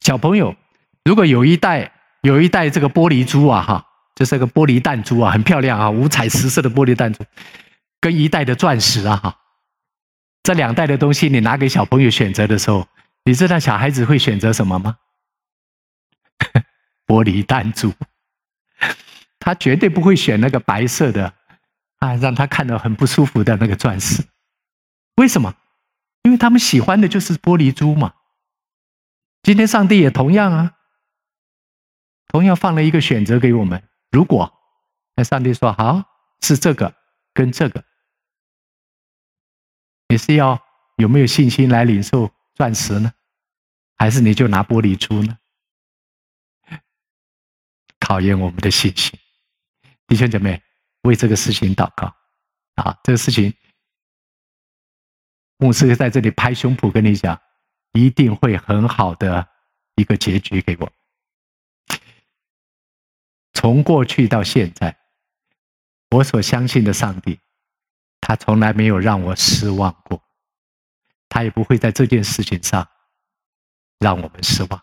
小朋友，如果有一袋有一袋這個玻璃珠啊哈。這是個玻璃彈珠啊，很漂亮啊，五彩十色的玻璃彈珠，跟一袋的鑽石啊，哈，這兩袋的東西你拿給小朋友選擇的時候，你知道小孩子會選擇什麼嗎？ <laughs> 玻璃彈珠，他絕對不會選那個白色的，啊，讓他看到很不舒服的那個鑽石，為什麼？因為他們喜歡的就是玻璃珠嘛。今天上帝也同樣啊，同樣放了一個選擇給我們。如果那上帝說好、啊、是這個跟這個，你是要有沒有信心來領受鑽石呢？還是你就拿玻璃珠呢？考驗我們的信心，弟兄姐妹，為這個事情禱告。好、啊，這個事情牧師在這裡拍胸脯跟你講，一定會很好的一個結局給我。從過去到現在，我所相信的上帝，他從來沒有讓我失望過，他也不會在這件事情上讓我們失望。